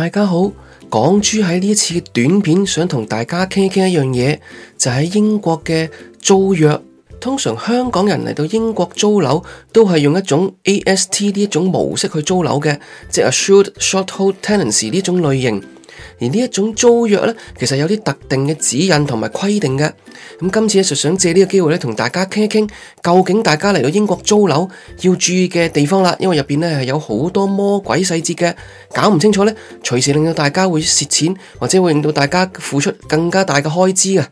大家好，港珠喺呢一次的短片想同大家傾一傾一樣嘢，就喺、是、英國嘅租約。通常香港人嚟到英國租樓都係用一種 A S T 呢種模式去租樓嘅，即係 Assured Shorthold Tenancy 呢種類型。而呢一種租約呢，其實有啲特定嘅指引同埋規定嘅。咁今次咧就想借呢個機會咧，同大家傾一傾，究竟大家嚟到英國租樓要注意嘅地方啦。因為入邊咧係有好多魔鬼細節嘅，搞唔清楚呢，隨時令到大家會蝕錢，或者會令到大家付出更加大嘅開支啊。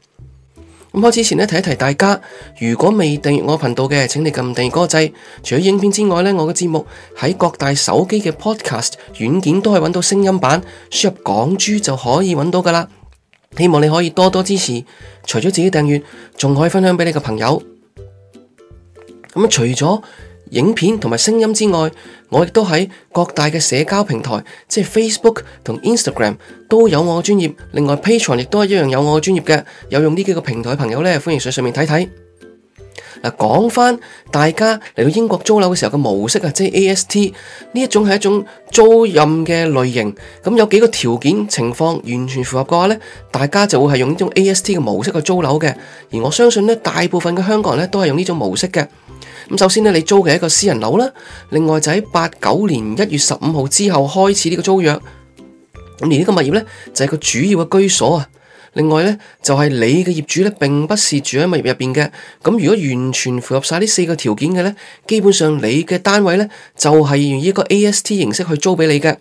咁我之前呢，提一提大家，如果未訂閱我頻道嘅，請你撳訂閱個掣。除咗影片之外呢，我嘅節目喺各大手機嘅 Podcast 軟件都可以搵到聲音版，輸入港珠就可以搵到噶啦。希望你可以多多支持，除咗自己訂閱，仲可以分享俾你嘅朋友。咁除咗。影片同埋聲音之外，我亦都喺各大嘅社交平台，即係 Facebook 同 Instagram 都有我嘅專頁。另外，Patreon 亦都一樣有我嘅專頁嘅。有用呢幾個平台嘅朋友呢，歡迎上上面睇睇。講返大家嚟到英國租樓嘅時候嘅模式啊，即係 AST 呢一種係一種租賃嘅類型。咁有幾個條件情況完全符合嘅話呢，大家就會係用呢種 AST 嘅模式去租樓嘅。而我相信呢，大部分嘅香港人呢都係用呢種模式嘅。首先你租嘅係一個私人樓啦，另外就喺八九年一月十五號之後開始呢個租約，而呢個物業呢，就係個主要嘅居所啊。另外呢，就係你嘅業主呢，並不是住喺物業入面嘅。咁如果完全符合晒呢四個條件嘅呢，基本上你嘅單位呢，就係以一個 AST 形式去租畀你嘅。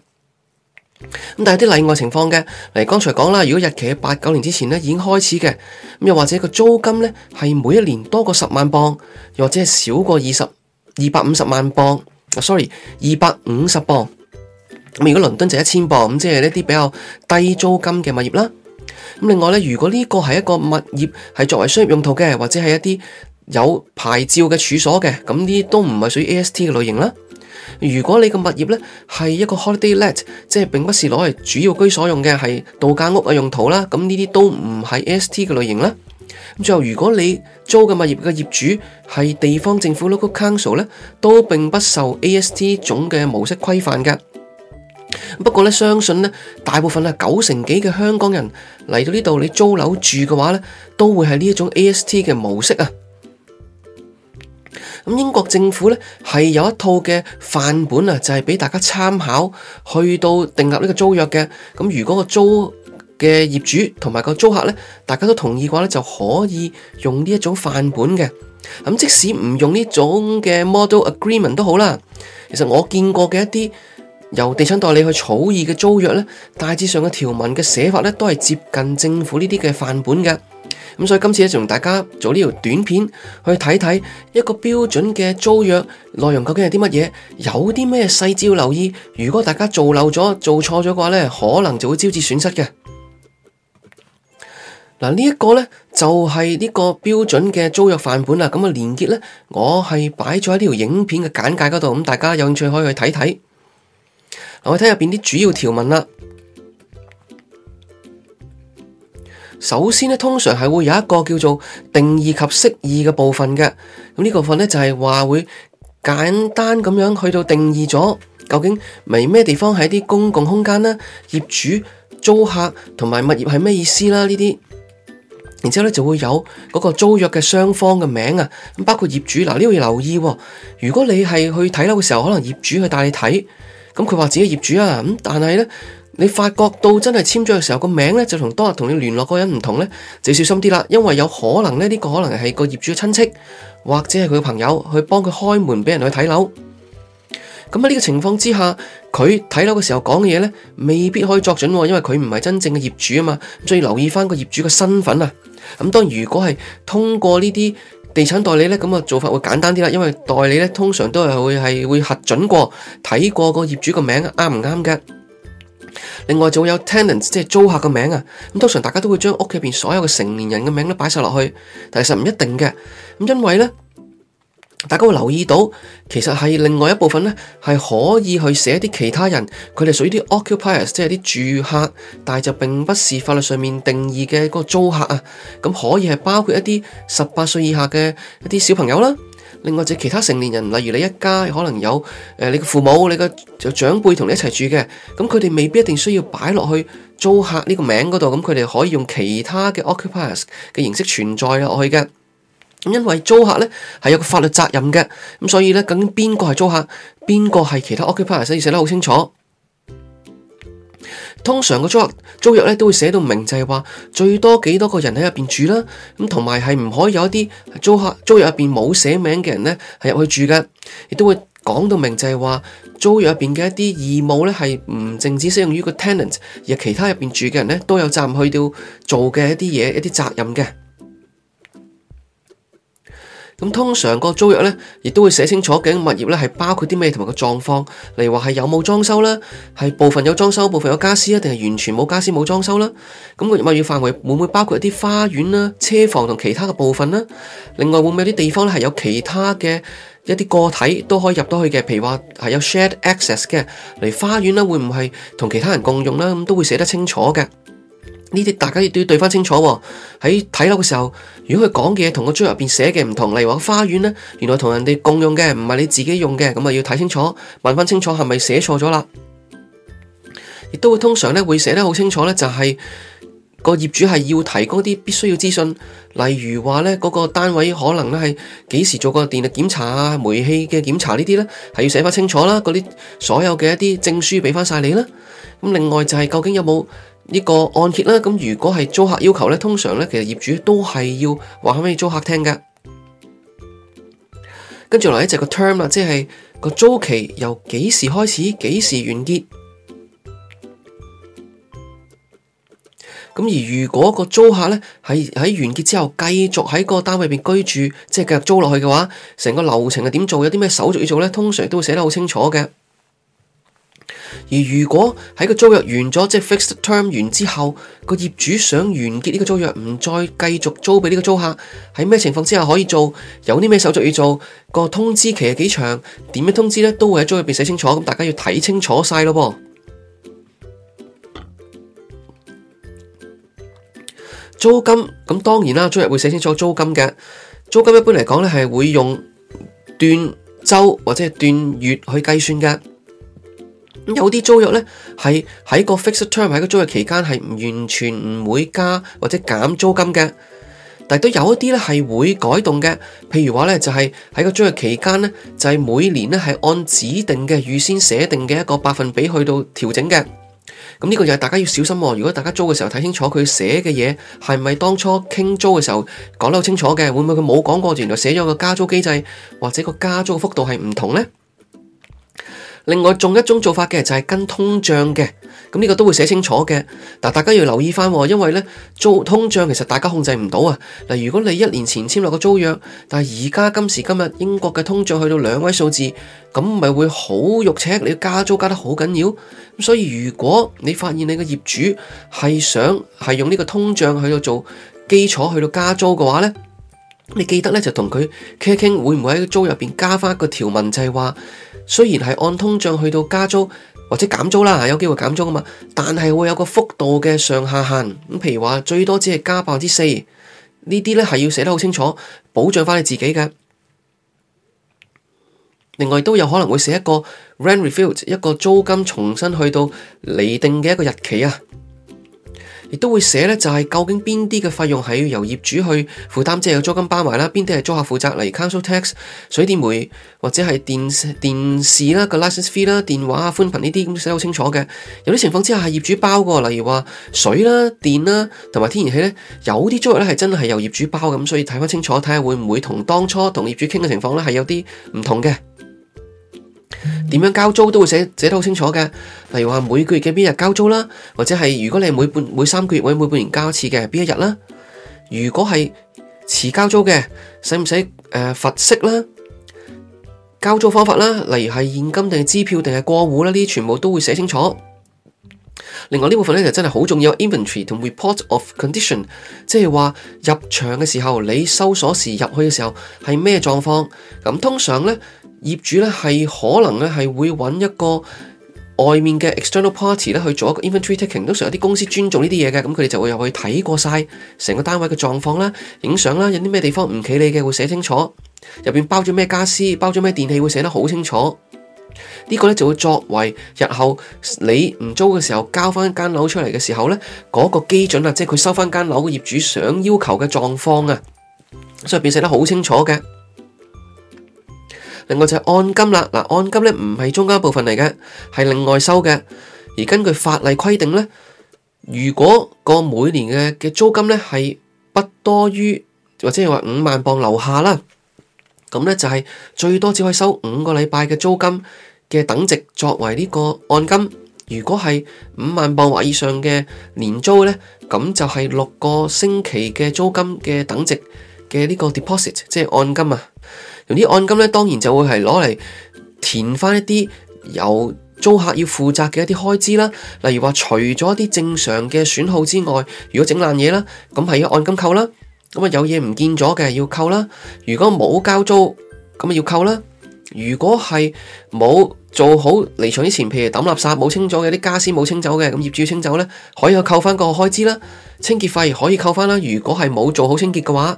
咁但係啲例外情況嘅，例如剛才講啦，如果日期喺八九年之前咧已經開始嘅，咁又或者個租金咧係每一年多過十萬磅，又或者係少過二十二百五十萬磅，sorry 二百五十磅。咁如果倫敦就一千磅，咁即係一啲比較低租金嘅物業啦。咁另外咧，如果呢個係一個物業係作為商業用途嘅，或者係一啲有牌照嘅處所嘅，咁呢啲都唔係屬於 A S T 嘅類型啦。如果你個物業呢，係一個 holiday let，即係並不是攞嚟主要居所用嘅，係度假屋嘅用途啦，咁呢啲都唔係 AST 嘅類型啦。咁最後，如果你租嘅物業嘅業主係地方政府 local council 呢，都並不受 AST 總嘅模式規範㗎。不過呢，相信大部分啊九成幾嘅香港人嚟到呢度，你租樓住嘅話呢，都會係呢一種 AST 嘅模式啊。英國政府呢係有一套嘅範本啊，就係俾大家參考去到訂立呢個租約嘅。咁如果個租嘅業主同埋個租客呢，大家都同意嘅話呢，就可以用呢一種範本嘅。咁即使唔用呢種嘅 Model Agreement 都好啦。其實我見過嘅一啲由地產代理去草擬嘅租約呢，大致上嘅條文嘅寫法呢，都係接近政府呢啲嘅範本嘅。咁所以今次咧就同大家做呢條短片去睇睇一個標準嘅租約內容究竟係啲乜嘢，有啲咩細節要留意。如果大家做漏咗、做錯咗嘅話呢，可能就會招致損失嘅。嗱、啊、呢、這、一個呢就係、是、呢個標準嘅租約範本啦。咁啊，連結呢，我係擺咗喺呢條影片嘅簡介嗰度，咁大家有興趣可以去睇睇。嗱、啊，我睇入邊啲主要條文啦。首先咧，通常係會有一個叫做定義及釋義嘅部分嘅。咁呢個部分咧就係話會簡單咁樣去到定義咗究竟咪咩地方係啲公共空間呢？業主、租客同埋物業係咩意思啦？呢啲，然之後咧就會有嗰個租約嘅雙方嘅名啊。咁包括業主嗱，呢個要留意。如果你係去睇樓嘅時候，可能業主去帶你睇，咁佢話自己業主啊，咁但係咧。你發覺到真係簽咗嘅時候，個名咧就同當日同你聯絡個人唔同咧，就要小心啲啦。因為有可能咧，呢個可能係個業主嘅親戚，或者係佢嘅朋友去幫佢開門俾人去睇樓。咁喺呢個情況之下，佢睇樓嘅時候講嘅嘢咧，未必可以作準，因為佢唔係真正嘅業主啊嘛。所以留意翻個業主嘅身份啊。咁當如果係通過呢啲地產代理咧，咁啊做法會簡單啲啦，因為代理咧通常都係會係會核准過睇過個業主個名啱唔啱嘅。合另外就會有 tenants 即係租客嘅名啊，咁通常大家都會將屋企邊所有嘅成年人嘅名都擺晒落去，但其實唔一定嘅，咁因為咧，大家會留意到，其實係另外一部分咧，係可以去寫啲其他人，佢哋屬於啲 occupiers 即係啲住客，但係就並不是法律上面定義嘅個租客啊，咁可以係包括一啲十八歲以下嘅一啲小朋友啦。另外就其他成年人，例如你一家可能有誒，你嘅父母、你嘅長輩同你一齊住嘅，咁佢哋未必一定需要擺落去租客呢個名嗰度，咁佢哋可以用其他嘅 occupiers 嘅形式存在落去嘅。咁因為租客咧係有個法律責任嘅，咁所以咧，究竟邊個係租客，邊個係其他 occupiers，所以寫得好清楚。通常個租客租約咧都會寫到明，就係話最多幾多個人喺入面住啦，咁同埋係唔可以有一啲租客租約入面冇寫名嘅人咧係入去住嘅，亦都會講到明就，就係話租約入面嘅一啲義務咧係唔淨止適用於個 tenant，而其他入面住嘅人咧都有責任去到做嘅一啲嘢、一啲責任嘅。咁通常個租約呢，亦都會寫清楚究竟物業呢係包括啲咩，同埋個狀況。例如話係有冇裝修啦，係部分有裝修，部分有家私，一定係完全冇家私冇裝修啦。咁個物業範圍會唔會包括一啲花園啦、車房同其他嘅部分啦？另外會唔會有啲地方咧係有其他嘅一啲個體都可以入到去嘅？譬如話係有 shared access 嘅，嚟花園啦會唔係同其他人共用啦？咁都會寫得清楚嘅。呢啲大家亦都要對翻清楚喎。喺睇樓嘅時候，如果佢講嘅嘢同個租約入面寫嘅唔同，例如話花園呢，原來同人哋共用嘅，唔係你自己用嘅，咁啊要睇清楚，問翻清楚係咪寫錯咗啦？亦都會通常咧會寫得好清楚咧，就係、係、個業主係要提供啲必須要資訊，例如話咧嗰個單位可能咧係幾時做過電力檢查啊、煤氣嘅檢查呢啲咧，係要寫翻清楚啦。嗰啲所有嘅一啲證書俾翻晒你啦。咁另外就係究竟有冇？呢、這個按揭啦，咁如果係租客要求咧，通常咧其實業主都係要話畀租客聽嘅。跟住落嚟就係個 term 啦，即係個租期由幾時開始，幾時完結。咁而如果個租客咧係喺完結之後繼續喺個單位入邊居住，即係繼續租落去嘅話，成個流程係點做，有啲咩手續要做咧，通常都會寫得好清楚嘅。而如果喺個租約完咗，即係 fixed term 完之後，個業主想完結呢個租約，唔再繼續租俾呢個租客，喺咩情況之下可以做？有啲咩手續要做？個通知期係幾長？點樣通知咧？都會喺租入邊寫清楚，咁大家要睇清楚晒咯噃。租金咁當然啦，租約會寫清楚租金嘅。租金一般嚟講咧係會用段周或者係段月去計算嘅。有啲租約呢，係喺個 fixed term 喺個租約期間係完全唔會加或者減租金嘅，但係都有一啲呢係會改動嘅。譬如話呢，就係、是、喺個租約期間呢，就係、是、每年呢係按指定嘅預先寫定嘅一個百分比去到調整嘅。咁呢個就係大家要小心啊。如果大家租嘅時候睇清楚佢寫嘅嘢，係咪當初傾租嘅時候講得好清楚嘅，會唔會佢冇講過，原來寫咗個加租機制或者個加租嘅幅度係唔同呢？另外，仲一種做法嘅就係跟通脹嘅，咁呢個都會寫清楚嘅。嗱，大家要留意翻，因為呢租通脹其實大家控制唔到啊。嗱，如果你一年前簽落個租約，但係而家今時今日英國嘅通脹去到兩位數字，咁咪會好肉赤，你要加租加得好緊要。咁所以，如果你發現你嘅業主係想係用呢個通脹去到做基礎去到加租嘅話呢，你記得呢就同佢傾一傾，會唔會喺個租入面加翻個條文，就係話，雖然係按通脹去到加租或者減租啦，有機會減租㗎嘛，但係會有個幅度嘅上下限，咁譬如話最多只係加百分之四，呢啲咧係要寫得好清楚，保障翻你自己嘅。另外都有可能會寫一個 rent review，一個租金重新去到釐定嘅一個日期啊。也都會寫咧，就係究竟邊啲嘅費用係由業主去負擔，即係有租金包埋啦，邊啲係租客負責，例如 Council Tax、水電煤或者係電電視啦個 License Fee 啦、電話啊、寬頻呢啲咁寫好清楚嘅。有啲情況之下係業主包嘅，例如話水啦、電啦同埋天然氣咧，有啲租約咧係真係由業主包咁，所以睇翻清楚，睇下會唔會同當初同業主傾嘅情況咧係有啲唔同嘅。點樣交租都會寫寫得好清楚嘅，例如話每個月嘅邊日交租啦，或者係如果你係每半每三個月或者每半年交一次嘅，邊一日啦。如果係遲交租嘅，使唔使誒罰息啦？交租方法啦，例如係現金定係支票定係過戶啦，呢啲全部都會寫清楚。另外呢部分咧就真係好重要，Inventory 同 Report of Condition，即係話入場嘅時候你收鎖匙入去嘅時候係咩狀況。咁通常咧。業主呢係可能呢係會揾一個外面嘅 external party 呢去做一個 inventory taking，通常有啲公司尊重呢啲嘢嘅，咁佢哋就會入去睇過晒成個單位嘅狀況啦、影相啦、有啲咩地方唔企理嘅會寫清楚，入邊包咗咩家私、包咗咩電器會寫得好清楚。呢個呢就會作為日後你唔租嘅時候交翻間樓出嚟嘅時候呢嗰個基準啊，即係佢收翻間樓嘅業主想要求嘅狀況啊，所以入邊寫得好清楚嘅。另外就係按金啦，嗱，按金咧唔係中間部分嚟嘅，係另外收嘅。而根據法例規定咧，如果個每年嘅嘅租金咧係不多於或者係話五萬鎊樓下啦，咁咧就係最多只可以收五個禮拜嘅租金嘅等值作為呢個按金。如果係五萬鎊或以上嘅年租咧，咁就係六個星期嘅租金嘅等值嘅呢個 deposit，即係按金啊。用啲按金咧，當然就會係攞嚟填翻一啲由租客要負責嘅一啲開支啦。例如話，除咗一啲正常嘅損耗之外，如果整爛嘢啦，咁係要按金扣啦。咁啊，有嘢唔見咗嘅要扣啦。如果冇交租，咁啊要扣啦。如果係冇做好離場之前，譬如抌垃圾冇清咗嘅，啲家私冇清走嘅，咁業主要清走咧，可以去扣翻個開支啦。清潔費可以扣翻啦。如果係冇做好清潔嘅話，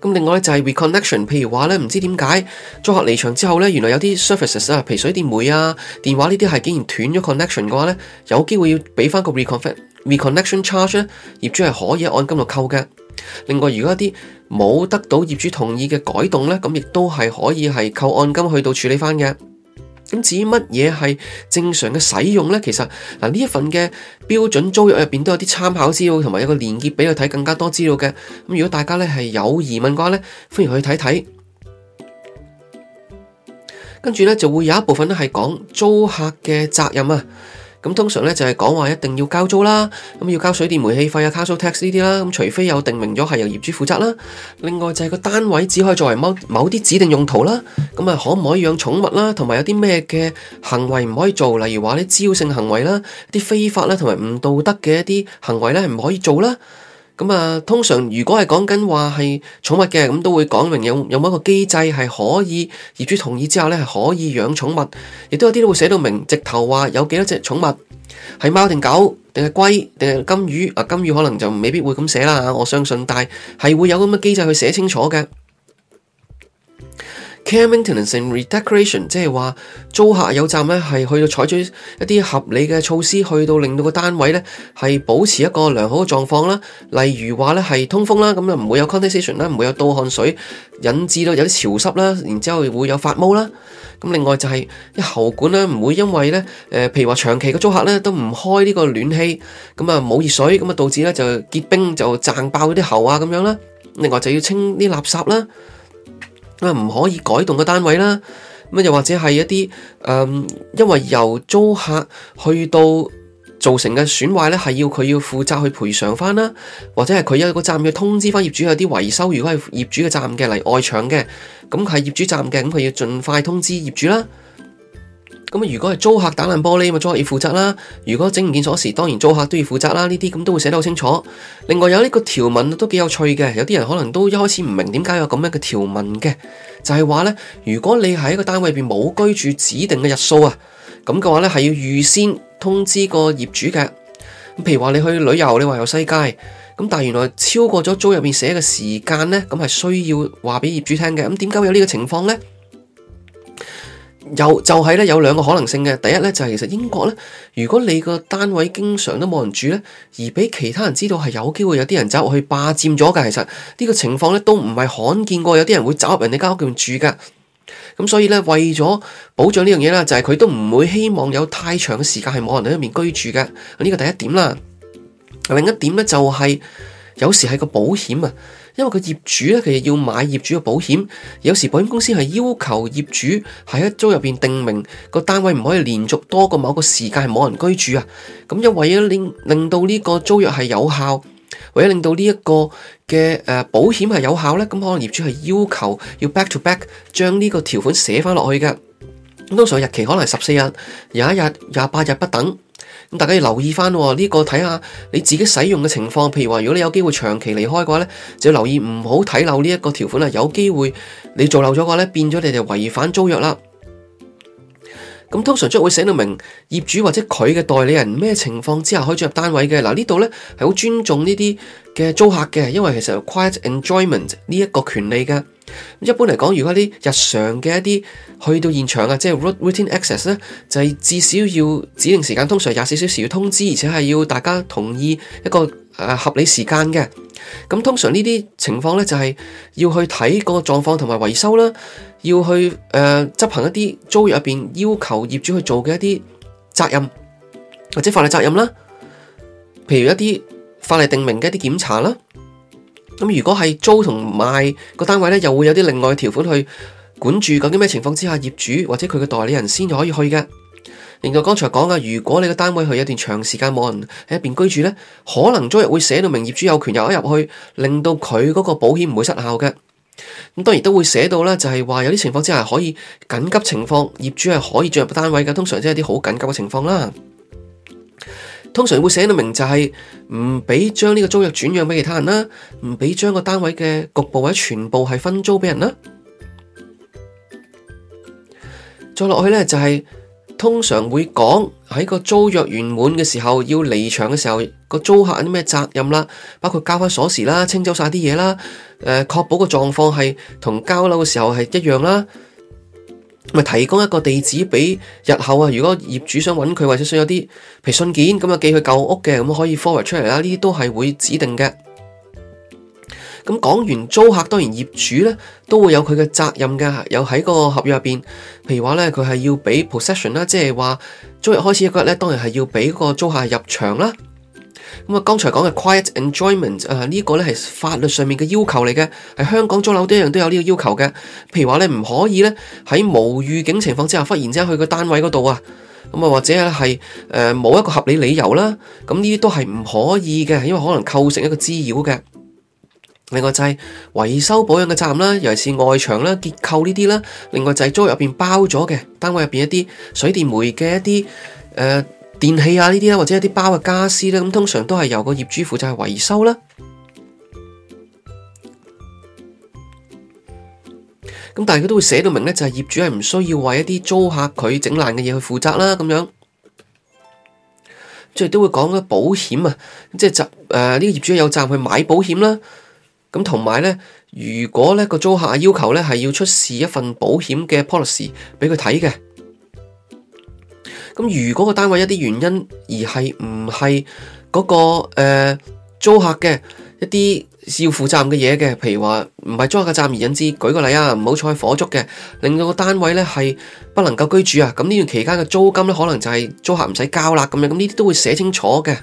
咁另外就係 reconnection，譬如話咧，唔知點解租客離場之後咧，原來有啲 services 啊，譬如水電煤啊、電話呢啲係竟然斷咗 connection 嘅話咧，有機會要俾翻個 reconnect、reconnection charge 咧，業主係可以喺按金度扣嘅。另外如果一啲冇得到業主同意嘅改動咧，咁亦都係可以係扣按金去到處理翻嘅。咁至於乜嘢係正常嘅使用呢？其實嗱，呢一份嘅標準租約入面都有啲參考資料，同埋有個連結俾佢睇更加多資料嘅。咁如果大家咧係有疑問嘅話咧，歡迎去睇睇。跟住咧就會有一部分咧係講租客嘅責任啊。咁通常咧就係講話一定要交租啦，咁要交水電煤氣費 啊 council tax 呢啲啦，咁除非有定明咗係由業主負責啦。另外就係個單位只可以作為某某啲指定用途啦，咁啊可唔可以養寵物啦？同埋有啲咩嘅行為唔可以做，例如話啲招性行為啦，啲非法啦，同埋唔道德嘅一啲行為咧唔可以做啦。咁啊，通常如果係講緊話係寵物嘅，咁都會講明有有冇一個機制係可以業主同意之後咧，係可以養寵物。亦都有啲都會寫到明，直頭話有幾多隻寵物係貓定狗定係龜定係金魚。啊，金魚可能就未必會咁寫啦。啊，我相信，但係會有咁嘅機制去寫清楚嘅。Care maintenance and redecoration，即係話租客有責任咧，係去到採取一啲合理嘅措施，去到令到個單位咧係保持一個良好嘅狀況啦。例如話咧係通風啦，咁啊唔會有 condensation 啦，唔會有倒汗水，引致到有啲潮濕啦，然之後會有發毛啦。咁另外就係、是、啲喉管啦，唔會因為咧、呃、譬如話長期嘅租客咧都唔開呢個暖氣，咁啊冇熱水，咁啊導致咧就結冰就掙爆啲喉啊咁樣啦。另外就要清啲垃圾啦。唔可以改動嘅單位啦，咁又或者係一啲，誒、嗯，因為由租客去到造成嘅損壞咧，係要佢要負責去賠償翻啦，或者係佢有個責任要通知翻業主有啲維修，如果係業主嘅責任嘅嚟外牆嘅，咁係業主責任嘅，咁佢要盡快通知業主啦。咁如果係租客打爛玻璃，咁租客要負責啦。如果整唔見鎖匙，當然租客都要負責啦。呢啲咁都會寫得好清楚。另外有呢個條文都幾有趣嘅，有啲人可能都一開始唔明點解有咁樣嘅條文嘅，就係話呢：如果你喺個單位入邊冇居住指定嘅日數啊，咁嘅話呢係要預先通知個業主嘅。譬如話你去旅遊，你話遊世界，咁但係原來超過咗租入邊寫嘅時間呢，咁係需要話俾業主聽嘅。咁點解會有呢個情況呢？有就係咧，有兩個可能性嘅。第一咧就係其實英國咧，如果你個單位經常都冇人住咧，而俾其他人知道係有機會有啲人走入去霸佔咗㗎。其實呢個情況咧都唔係罕見過，有啲人會走入人哋間屋入面住噶。咁所以咧，為咗保障呢樣嘢啦，就係佢都唔會希望有太長嘅時間係冇人喺入面居住嘅。呢個第一點啦。另一點咧就係有時係個保險啊。因為個業主咧，其實要買業主嘅保險，有時保險公司係要求業主喺一租入邊定明個單位唔可以連續多過某個時間係冇人居住啊。咁又為咗令令到呢個租約係有效，為咗令到呢一個嘅誒保險係有效咧，咁可能業主係要求要 back to back 將呢個條款寫翻落去嘅。通常日期可能係十四日、廿一日、廿八日不等。大家要留意返喎，呢、呢個，睇下你自己使用嘅情況。譬如話，如果你有機會長期離開嘅話，就要留意唔好睇漏呢一個條款啊。有機會你做漏咗嘅話，變咗你哋違反租約啦。咁通常將會寫到明業主或者佢嘅代理人咩情況之下可以進入單位嘅，嗱，呢度咧係好尊重呢啲嘅租客嘅，因為其實有 quiet enjoyment 呢一個權利嘅。咁一般嚟講，如果啲日常嘅一啲去到現場啊，即係 routine access 咧，就係至少要指定時間，通常廿四小時要通知，而且係要大家同意一個。合理時間嘅，咁通常呢啲情況呢，就係要去睇個狀況同埋維修啦，要去誒執行一啲租約入邊要求業主去做嘅一啲責任或者法律責任啦，譬如一啲法例定明嘅一啲檢查啦。咁如果係租同賣個單位呢，又會有啲另外條款去管住，究竟咩情況之下業主或者佢嘅代理人先至可以去嘅。另外，剛才講嘅，如果你個單位係一段長時間冇人喺一邊居住呢，可能租約會寫到明業主有權入一入去，令到佢嗰個保險唔會失效嘅。咁當然都會寫到啦，就係話有啲情況之下可以緊急情況，業主係可以進入單位嘅，通常即係啲好緊急嘅情況啦。通常會寫到明就係唔俾將呢個租約轉讓俾其他人啦，唔俾將個單位嘅局部或者全部係分租俾人啦。再落去呢，就是，就係。通常會講喺個租約圓滿嘅時候，要離場嘅時候，個租客有啲咩責任啦？包括交翻鎖匙啦，清走晒啲嘢啦，誒，確保個狀況係同交樓嘅時候係一樣啦。咪提供一個地址俾日後啊，如果業主想揾佢，或者想有啲譬如信件，咁啊寄去舊屋嘅，咁可以 forward 出嚟啦。呢啲都係會指定嘅。咁講完租客，當然業主咧都會有佢嘅責任嘅，有喺個合約入面，譬如話咧佢係要俾 possession 啦，即係話租日開始嗰日咧，當然係要俾個租客入場啦。咁啊，剛才講嘅 quiet enjoyment 啊、呃，呢、呢個咧係法律上面嘅要求嚟嘅，喺香港租樓一樣都有呢個要求嘅。譬如話咧，你唔可以咧喺冇預警情況之下忽然之間去個單位嗰度啊，咁啊或者係誒冇一個合理理由啦，咁呢啲都係唔可以嘅，因為可能構成一個滋擾嘅。另外就係維修保養嘅責任啦，尤其是外牆啦、結構呢啲啦。另外就係租入邊包咗嘅單位入邊一啲水電煤嘅一啲誒、呃、電器啊呢啲啦，或者一啲包嘅家私咧，咁通常都係由個業主負責去維修啦。咁但係佢都會寫到明咧，就係業主係唔需要為一啲租客佢整爛嘅嘢去負責啦。咁樣，即係都會講咧保險啊，即係就誒呢個業主有責任去買保險啦。咁同埋咧，如果咧個租客要求咧係要出示一份保險嘅 policy 俾佢睇嘅，咁如果個單位一啲原因而係唔係嗰個誒、呃、租客嘅一啲要負責嘅嘢嘅，譬如話唔係租客嘅責任而引致，舉個例啊，唔好彩火燭嘅，令到個單位咧係不能夠居住啊，咁呢段期間嘅租金咧可能就係租客唔使交啦咁樣，咁呢啲都會寫清楚嘅。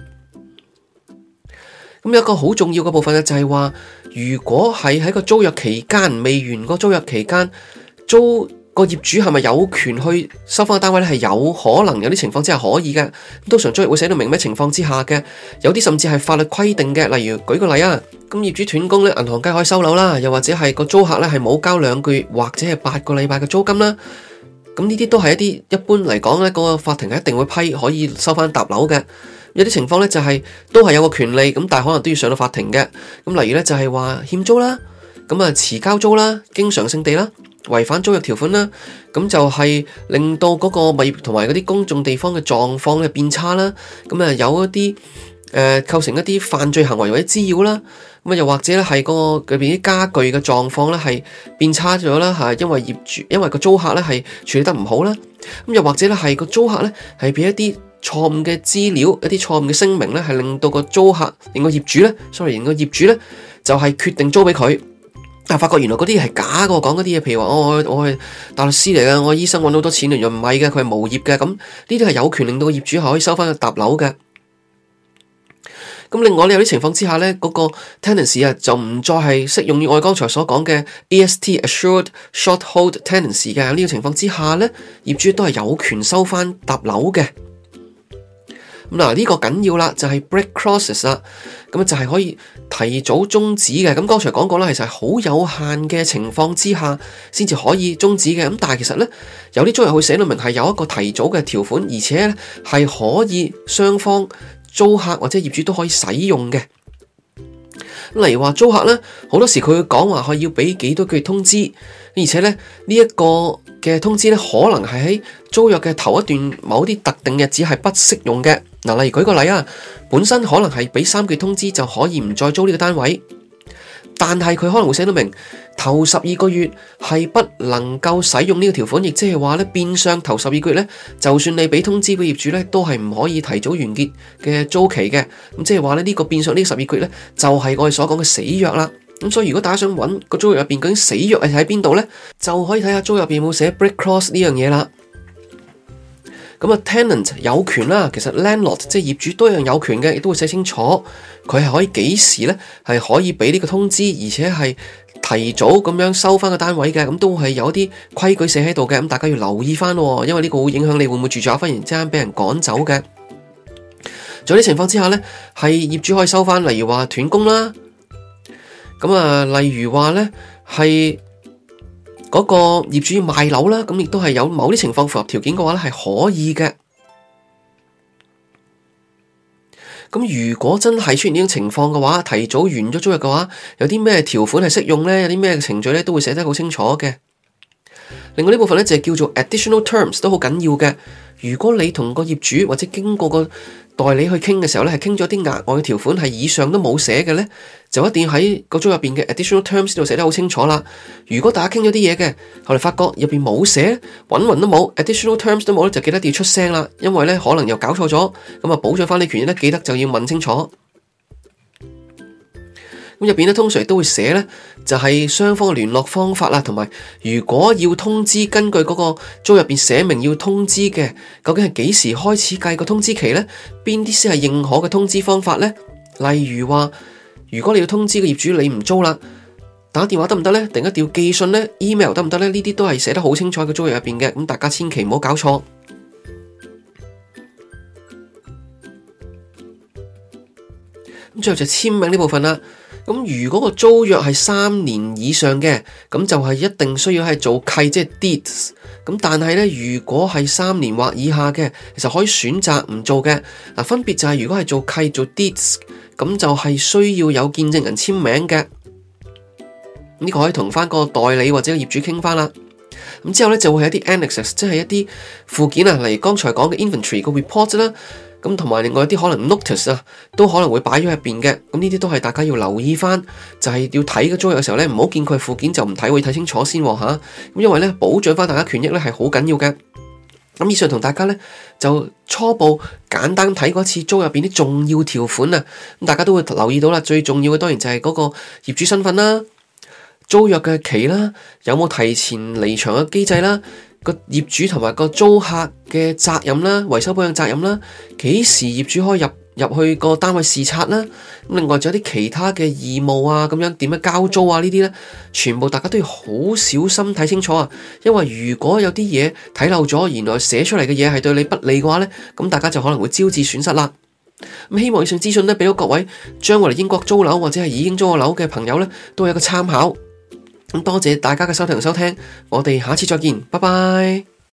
咁有一個好重要嘅部分呢，就係話，如果係喺個租約期間未完個租約期間租個業主係咪有權去收翻個單位咧？係有可能有啲情況之下可以嘅。通常租約會寫到明咩情況之下嘅，有啲甚至係法律規定嘅。例如舉個例啊，咁業主斷供咧，銀行梗係可以收樓啦。又或者係個租客咧係冇交兩個月或者係八個禮拜嘅租金啦。咁呢啲都係一啲一般嚟講咧，嗰個法庭係一定會批可以收翻搭樓嘅。有啲情況咧，就係都係有個權利咁，但係可能都要上到法庭嘅。咁例如咧，就係話欠租啦，咁啊遲交租啦，經常性地啦，違反租約條款啦，咁就係、是、令到嗰個物業同埋嗰啲公眾地方嘅狀況咧變差啦。咁啊有一啲誒、呃、構成一啲犯罪行為或者滋擾啦。咁啊又或者咧係個佢邊啲家具嘅狀況咧係變差咗啦，吓，因為業主因為個租客咧係處理得唔好啦。咁又或者咧係個租客咧係俾一啲錯誤嘅資料，一啲錯誤嘅聲明咧，係令到個租客，令個業主咧，sorry，令個業主咧就係、是、決定租俾佢，但係發覺原來嗰啲係假嘅，講嗰啲嘢，譬如話、哦、我我係大律師嚟嘅，我係醫生，揾好多錢嚟，又唔係嘅，佢係無業嘅。咁呢啲係有權令到業主可以收翻個搭樓嘅。咁另外呢，有啲情況之下咧，嗰、那個 tenancy 啊就唔再係適用於我哋剛才所講嘅 A S T Assured Shorthold Tenancy 嘅呢個情況之下咧，業主都係有權收翻搭樓嘅。嗱，呢個緊要啦，就係 break clauses 啦。咁就係可以提早終止嘅。咁剛才講過啦，其實係好有限嘅情況之下，先至可以終止嘅。咁但係其實呢，有啲租約會寫到明係有一個提早嘅條款，而且呢係可以雙方租客或者業主都可以使用嘅。例如話租客呢，好多時佢會講話，佢要俾幾多句通知，而且呢，呢一個嘅通知呢，可能係喺租約嘅頭一段某啲特定嘅日子係不適用嘅。嗱，例如舉個例啊，本身可能係俾三個月通知就可以唔再租呢個單位，但係佢可能會寫到明頭十二個月係不能夠使用呢個條款，亦即係話咧變相頭十二個月咧，就算你俾通知個業主咧，都係唔可以提早完結嘅租期嘅。咁即係話咧呢、這個變相呢十二個月咧，就係、是、我哋所講嘅死約啦。咁所以如果大家想搵個租約入邊究竟死約係喺邊度咧，就可以睇下租約入邊有冇寫 break clause 呢樣嘢啦。咁啊，tenant 有權啦，其實 landlord 即係業主都一樣有權嘅，亦都會寫清楚，佢係可以幾時呢？係可以俾呢個通知，而且係提早咁樣收翻個單位嘅，咁都係有一啲規矩寫喺度嘅，咁大家要留意翻、哦，因為呢個會影響你會唔會住住啊，忽然之間俾人趕走嘅。仲有啲情況之下呢，係業主可以收翻，例如話斷供啦，咁啊、呃，例如話呢，係。嗰個業主要賣樓啦，咁亦都係有某啲情況符合條件嘅話咧，係可以嘅。咁如果真係出現呢種情況嘅話，提早完咗租約嘅話，有啲咩條款係適用咧？有啲咩程序咧？都會寫得好清楚嘅。另外呢部分咧就係叫做 additional terms 都好緊要嘅。如果你同個業主或者經過個。代理去傾嘅時候咧，係傾咗啲額外條款係以上都冇寫嘅咧，就一定要喺個租入邊嘅 additional terms 度寫得好清楚啦。如果大家傾咗啲嘢嘅，後嚟發覺入邊冇寫，揾匀都冇 additional terms 都冇咧，就記得要出聲啦。因為咧可能又搞錯咗，咁啊保障翻你權益咧，記得就要問清楚。咁入邊咧通常都會寫呢，就係雙方嘅聯絡方法啦，同埋如果要通知，根據嗰個租入邊寫明要通知嘅，究竟係幾時開始計個通知期呢？邊啲先係認可嘅通知方法呢？例如話，如果你要通知個業主你唔租啦，打電話得唔得呢？定一定要寄信呢，email 得唔得呢？呢啲都係寫得好清楚嘅租約入邊嘅，咁大家千祈唔好搞錯。咁最後就簽名呢部分啦。咁如果個租約係三年以上嘅，咁就係一定需要係做契即係、就是、deeds。咁但係呢，如果係三年或以下嘅，其實可以選擇唔做嘅。嗱，分別就係、是、如果係做契做 deeds，咁就係需要有見證人簽名嘅。呢、這個可以同翻個代理或者個業主傾翻啦。咁之後呢，就會係一啲 annex，即係一啲附件啊，例如剛才講嘅 inventory 個 report 啦。咁同埋另外啲可能 notice 啊，都可能會擺咗入邊嘅，咁呢啲都係大家要留意翻，就係要睇個租約嘅時候咧，唔好見佢附件就唔睇，會睇清楚先吓，咁因為咧保障翻大家權益咧係好緊要嘅。咁以上同大家咧就初步簡單睇嗰次租約入邊啲重要條款啊，咁大家都會留意到啦，最重要嘅當然就係嗰個業主身份啦，租約嘅期啦，有冇提前離場嘅機制啦。個業主同埋個租客嘅責任啦，維修保養責任啦，幾時業主可以入入去個單位視察啦？咁另外仲有啲其他嘅義務啊，咁樣點樣交租啊呢啲咧，全部大家都要好小心睇清楚啊！因為如果有啲嘢睇漏咗，原來寫出嚟嘅嘢係對你不利嘅話咧，咁大家就可能會招致損失啦。咁希望以上資訊咧，俾到各位將嚟英國租樓或者係已經租過樓嘅朋友咧，都有一個參考。咁多謝大家嘅收聽同收聽，我哋下次再見，拜拜。